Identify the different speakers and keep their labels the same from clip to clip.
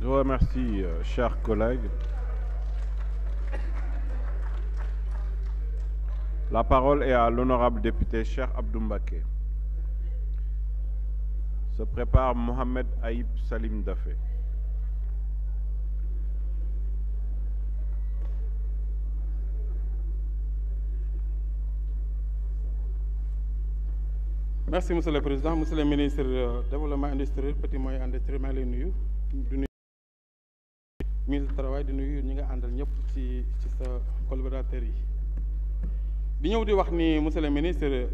Speaker 1: Je vous remercie, euh, chers collègues. La parole est à l'honorable député Cheikh Abdoumbake. Se prépare Mohamed Aïb Salim Dafé. Merci, Monsieur le Président. Monsieur le ministre du euh, Développement industriel, petit moyen industriel, maa ngi lay nuyu. ministre du travail di nuyu ñi nga àndal ñëpp ci ci sa collaborateurs yi di ñëw di wax ni monsieur le ministre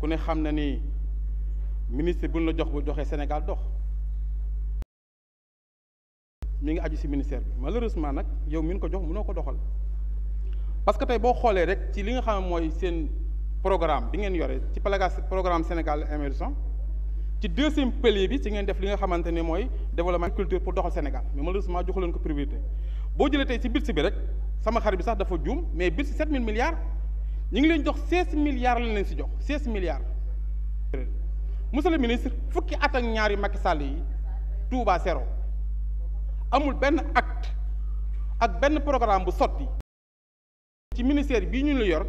Speaker 1: ku ne xam na ni ministre bu ñu la jox bu doxee Sénégal dox mi ngi aju ci ministère bi malheureusement nag yow mi ko jox mënoo ko doxal parce que tey boo xoolee rek ci li nga xam ne mooy seen programme bi ngeen yore ci plaga programme Sénégal émergent ci deuxième pilier bi ci ngeen def li nga xamante ne mooy développement culture pour doxal Sénégal mais malheureusement joxu leen ko priorité boo jëlee tey ci budget bi rek sama xarit bi sax dafa juum mais budget 7000 milliards ñu ngi leen jox 16 milliards lañ leen si jox 16 milliards. monsieur le ministre fukki at ak ñaari Macky Sall yi Touba sero amul benn acte ak benn programme bu sotti ci ministère bii ñu la yor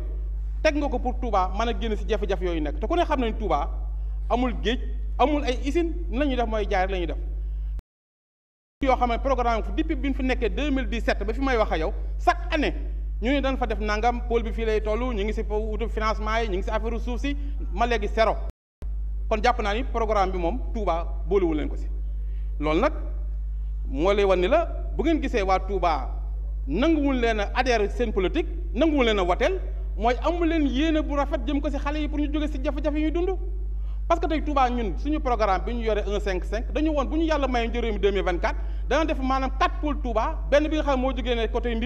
Speaker 1: teg nga ko pour Touba mën a génn si jafe-jafe yooyu nekk te ku ne xam nañ Touba amul géej. amul ay usine la ñuy def mooy jaay rek la ñuy def yoo xam ne programme fu depuis bi ñu fi nekkee deux mille 2017 ba fi may wax a yow chaque année ñu ngi dañ fa def nangam pôle bi fi lay toll ñu ngi si wutu financement yi ñu ngi si affaire suuf si ma léegi sero kon jàpp naa ni programme bi moom Touba boolewul leen ko si loolu nag moo lay wan ni la bu ngeen gisee waa Touba nanguwul leen a adhéré seen politique nanguwul leen a wateel mooy amul leen yéene bu rafet jëm ko si xale yi pour ñu jóge si jafe-jafe dund parce que tey Touba ñun suñu programme bi ñu yore 155 dañu woon bu ñu yàlla maye njëriñu 2024 dana def maanaam 4 pôles Touba benn bi nga xam ne moo jógee ne côté ak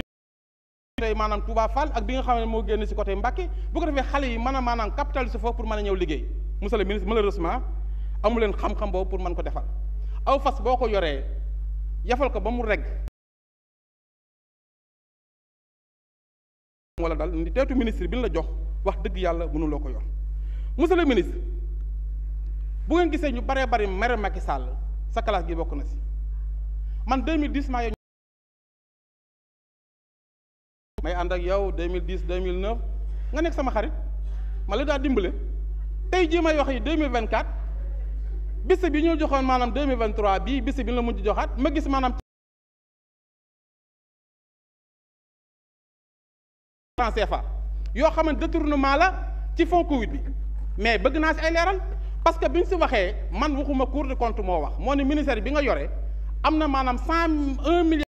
Speaker 1: bi nga xam ne moo génn si côté Mbacké bu ko defee xale yi mën a maanaam capitaliser foofu pour mën a ñëw liggéey monsieur le ministre malheureusement amu leen xam-xam boobu pour mën ko defal aw fas boo ko yoree yafal ko ba mu reg wala daal ni teetu bi ñu la jox wax dëgg yàlla mënuloo ko yor bu ngeen gisee ñu baree bari mere Macky Sall sa classe gi bokk na si man 2010 maa ngi. may ànd ak yow 2010 2009 nga nekk sama xarit ma la daa dimbale tey jii may wax yi 2024 bis bi ñu joxoon maanaam 2023 bii bis bi la mujj joxaat ma gis maanaam. franc CFA yoo xam ne détournement la ci fonds Covid bi mais bëgg naa si ay leeral. parce que bi ñu si waxee man waxuma Cour des comptes moo wax moo ne ministère bi nga yore am na maanaam cent un milliard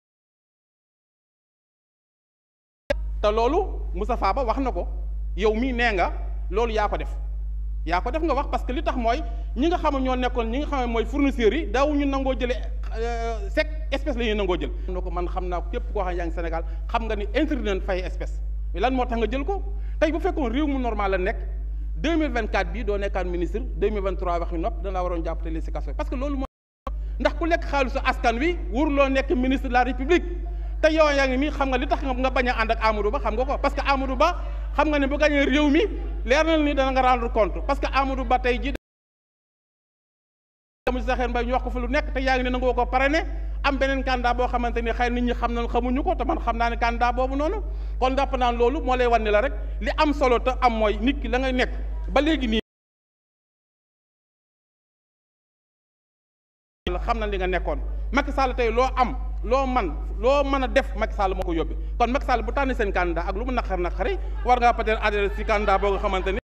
Speaker 1: te loolu Moustapha Ba wax na ko yow mii nee nga loolu yaa ko def yaa ko def nga wax parce que li tax mooy ñi nga xam ñoo nekkoon ñi nga xam mooy fournisseurs yi daawuñu nangoo jëlee euh, sec espèce la nangoo jël. na ko man xam naa képp koo xam yaa ngi Sénégal xam nga ni interdit nañ fay espèce lan moo tax nga jël ko tey bu fekkoon réew mu normal la nekk. deux mille vingt quatre bii doo nekkaat ministre deux mille vingt trois waxi nopp dana waroon jàppatale si kaso parce que loolu moo ndax ku lekk xaalisu askan wi waruloo nekk ministre la république te yow yaa ngi mii xam nga li tax nga bañ a ànd ak Amadou Ba xam nga ko parce que Amadou Ba xam nga ne bu gagné réew mi leer na ni dana nga rendre compte parce que Amadou Ba tey jii. amul saxeen mbay ñu wax ko fa lu nekk te yaa ngi ne nangoo ko pare ne am beneen boo xamante ni xëy nit ñi xam nañ xamuñu ko te man xam naa ne candidat boobu noonu kon jàpp naan loolu moo lay wan la rek li am solo te am mooy nit ki la ngay nekk. ba léegi nii xam na li nga nekkoon Macky Sall tey loo am loo man loo mën a def Macky Sall moo ko yóbbi kon Macky Sall bu tànn seen candidat ak lu mu naqar naqari war ngaa peut-être adhéré si candidat boo nga xamante ni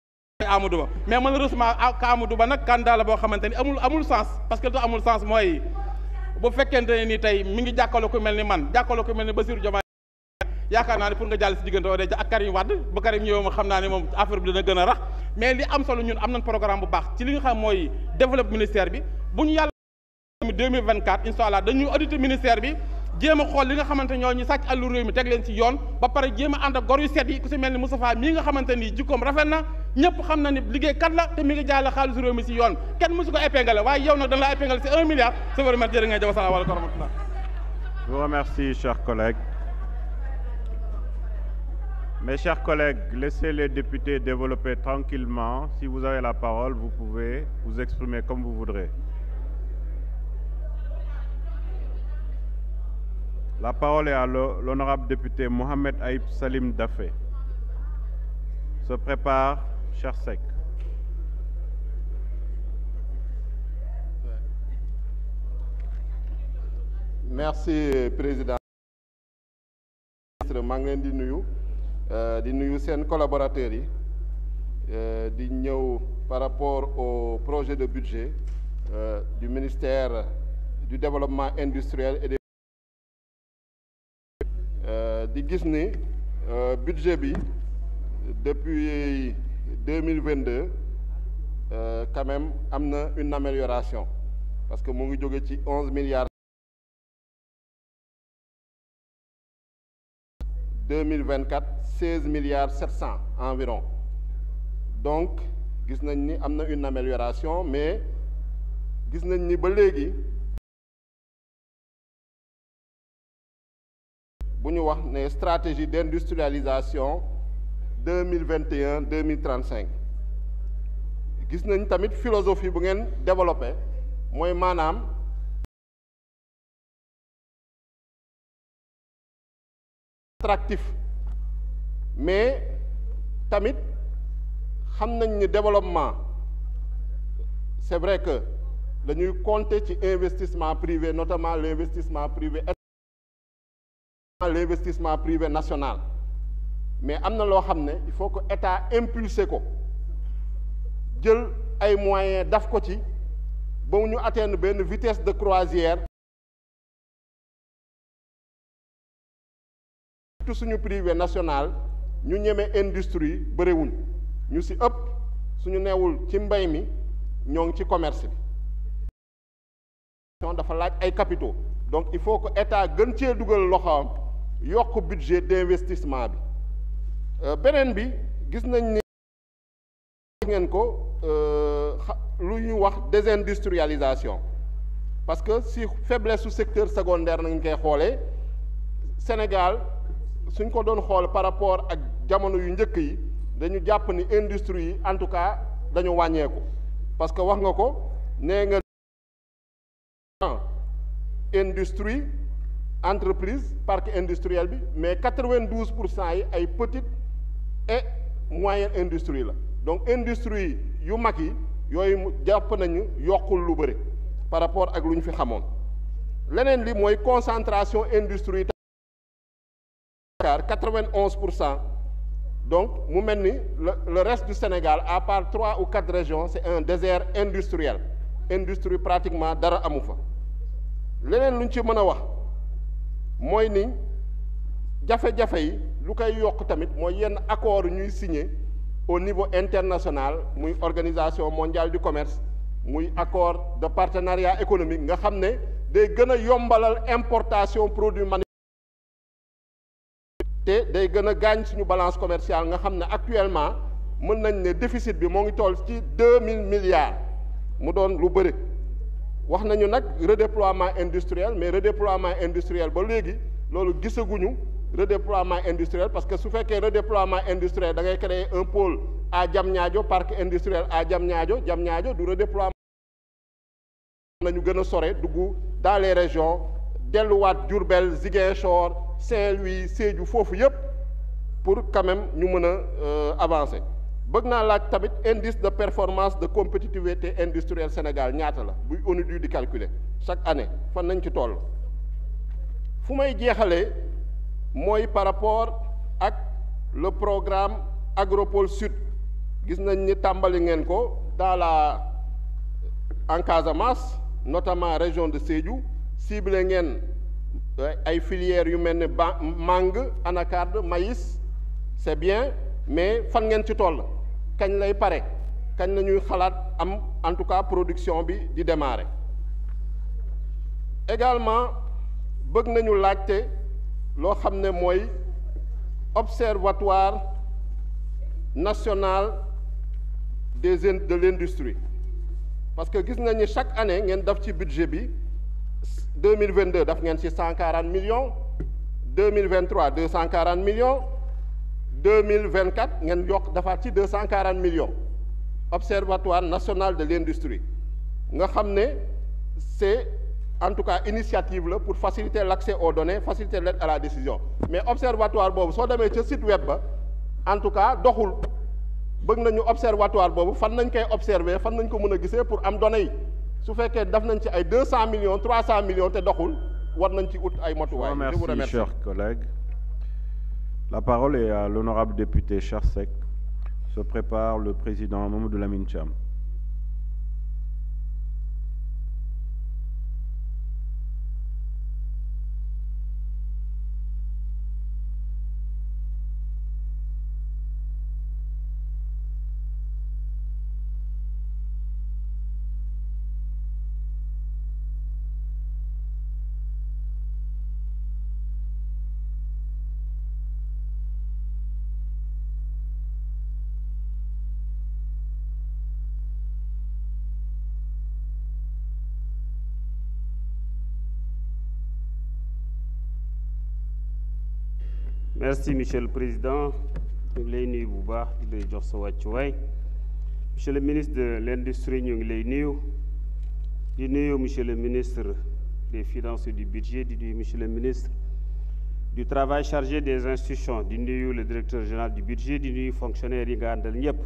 Speaker 1: Amadou Ba mais malheureusement ka Ba nag candidat boo xamante ni amul amul sens parce que amul sens mooy bu fekkente ne ni tey mu ngi jàkkaarloo ku mel ni man jàkkaarloo ku mel ni Bassirou Diomaye yaakaar naa ne pour nga jàll si diggante oo dee ak Karim Wade ba Karim xam naa ne moom affaire bi dina gën a rax mais li am solo ñun am nañ programme bu baax ci li nga xam mooy développe ministère bi bu ñu yàlla mi ministère bi jéem a xool li nga xamante ñoo ñu sàcc àllu réew mi teg ci yoon ba pare jéem a ànd ak gor yu set yi ku si mel ni Moustapha mii nga xamante ni jikkoom rafet na ñëpp xam na ni liggéeykat la te mi ngi jaay la xaalisu réew mi si yoon kenn mosu ko épinglé waaye yow nag dañ la épinglé milliard sa vraiment jërë ngay jaw salaamaaleykum wa rahmatullah je vous Mes chers collègues, laissez les députés développer tranquillement. Si vous avez la parole, vous pouvez vous exprimer comme vous voudrez. La parole est à l'honorable député Mohamed Aïb Salim Dafé. Se prépare, cher Sec.
Speaker 2: Merci, Président. maa ngi leen di nuyu Euh, di nuyu seen collaborateurs yi euh, di ñëw par rapport au projet de budget euh, du ministère du développement industriel et des di gis ni budget bi depuis deux mille vingt deux quand même am na une amélioration parce que mu ngi jóge ci onze milliards deux mille vingt quatre seize milliards sept cent environ donc gis nañ ni am na une amélioration mais gis nañ ni ba léegi bu ñu wax ne stratégie d'industrialisation deux mille vingt et un deux mille trente cinq gis nañ tamit philosophie bu ngeen développé mooy maanaam. attractif mais tamit xam nañ ni développement c'est vrai que dañuy compter ci investissement privé notamment l'investissement privé l'investissement privé nationale mais am na loo xam ne il faut que état impulser ko jël ay moyens daf ko ci ba ñu atteindre benn vitesse de croisière surtout suñu privé national ñu ñeme industrie bëriwuñ ñu si ëpp suñu neewul ci mbay mi ñoo ngi ci commerce bi dafa laaj ay capitaux donc il faut que état gën cee dugal loxo yokk budget d'investissement bi euh, beneen bi gis nañ ni ngeen ko euh, lu ñu wax désindustrialisation parce que si faiblesse su secteur secondaire nañ koy xoolee Sénégal suñ ko doon xool par rapport ak jamono yu njëkk yi dañu jàpp ni industrie yi en tout cas dañu wàññeeku parce que wax nga ko nee nga industrie entreprise parc industriel bi mais quatre-vingt-douze pour cent yi ay petite et moyenne industrie la donc industrie yu mag yi yooyu jàpp nañu yokkul lu bëri par rapport ak lu ñu fi xamoon leneen li mooy concentration industrie Dakar quatre-vingt-onze pour cent donc mu mel ni le reste du Sénégal à part trois ou quatre régions c'est un désert industriel industrie pratiquement dara amu fa leneen lu ñu ci mën a wax mooy ni jafe-jafe yi lu koy yokk tamit mooy yenn accord ñuy signé au niveau international muy organisation mondiale du commerce muy accord de partenariat économique nga xam ne day gën yombalal importation produits te day gën a gaañ suñu balance commerciale nga xam ne actuellement mën nañ ne déficit bi moo ngi toll ci deux mille milliards mu doon lu bëri wax nañu nag redéploiement industriel mais redéploiement industriel ba léegi loolu gisaguñu redéploiement industriel parce que su fekkee redéploiement industriel dangay ngay créer un pôle à Diamniadio parc industriel à jam jam ñaajo du redéploiement nañu gën a sore dugg dans les régions delluwaat Diourbel Ziguinchor Saint-Louis Sédhiou foofu yépp pour quand ñu mën a euh, avancer bëgg naa laaj tamit indice de performance de compétitivité industrielle Sénégal ñaata la buy ONUD di calculer chaque année fan nañ ci toll fu may jeexalee mooy par rapport ak le programme Agropole Sud gis nañ ni tàmbali ngeen ko dans la en Casamance région de Sédhiou ciblé ngeen ay filières yu mel ni ba mangue anacarde maïs c'est bien mais fan ngeen ci toll kañ lay pare kañ la ñuy xalaat am en tout cas production bi di démarrer également bëgg nañu laajte loo xam ne mooy observatoire national des de l'industrie parce que gis nañu chaque année ngeen def ci budget bi deux mille vingt deux daf ngeen ci cent quarante millions deux mille vingt trois deux cent quarante millions mille vingt quatre ngeen yokk dafaat ci deux cent quarante millions observatoire nationale de l'industrie nga xam ne c'est en tout cas initiative la pour faciliter l'accès aux données faciliter l'aide à la décision mais observatoire boobu soo demee ca site web ba en tout cas doxul bëgg nañu observatoire boobu fan nañ koy observer fan nañ ko mën a gisee pour am données su fekkee def nañ ci ay deux cent millions trois cent millions te doxul war nañ ci ut ay motuwaay. je vous remercie chers
Speaker 1: collègues la parole est à l'honorable député Cheikh Seck se prépare le président Mamadou Lamine Thiam.
Speaker 2: merci monsieur le président ñu lay nuyu bu baax di jox sa wàccuwaay monsieur le ministre de l'industrie ñoo ngi lay nuyu di nuyu monsieur le ministre des finances et du budget di nuyu monsieur le ministre du travail chargé des institutions di nuyu le directeur général du budget di nuyu fonctionnaire yi nga àndal ñëpp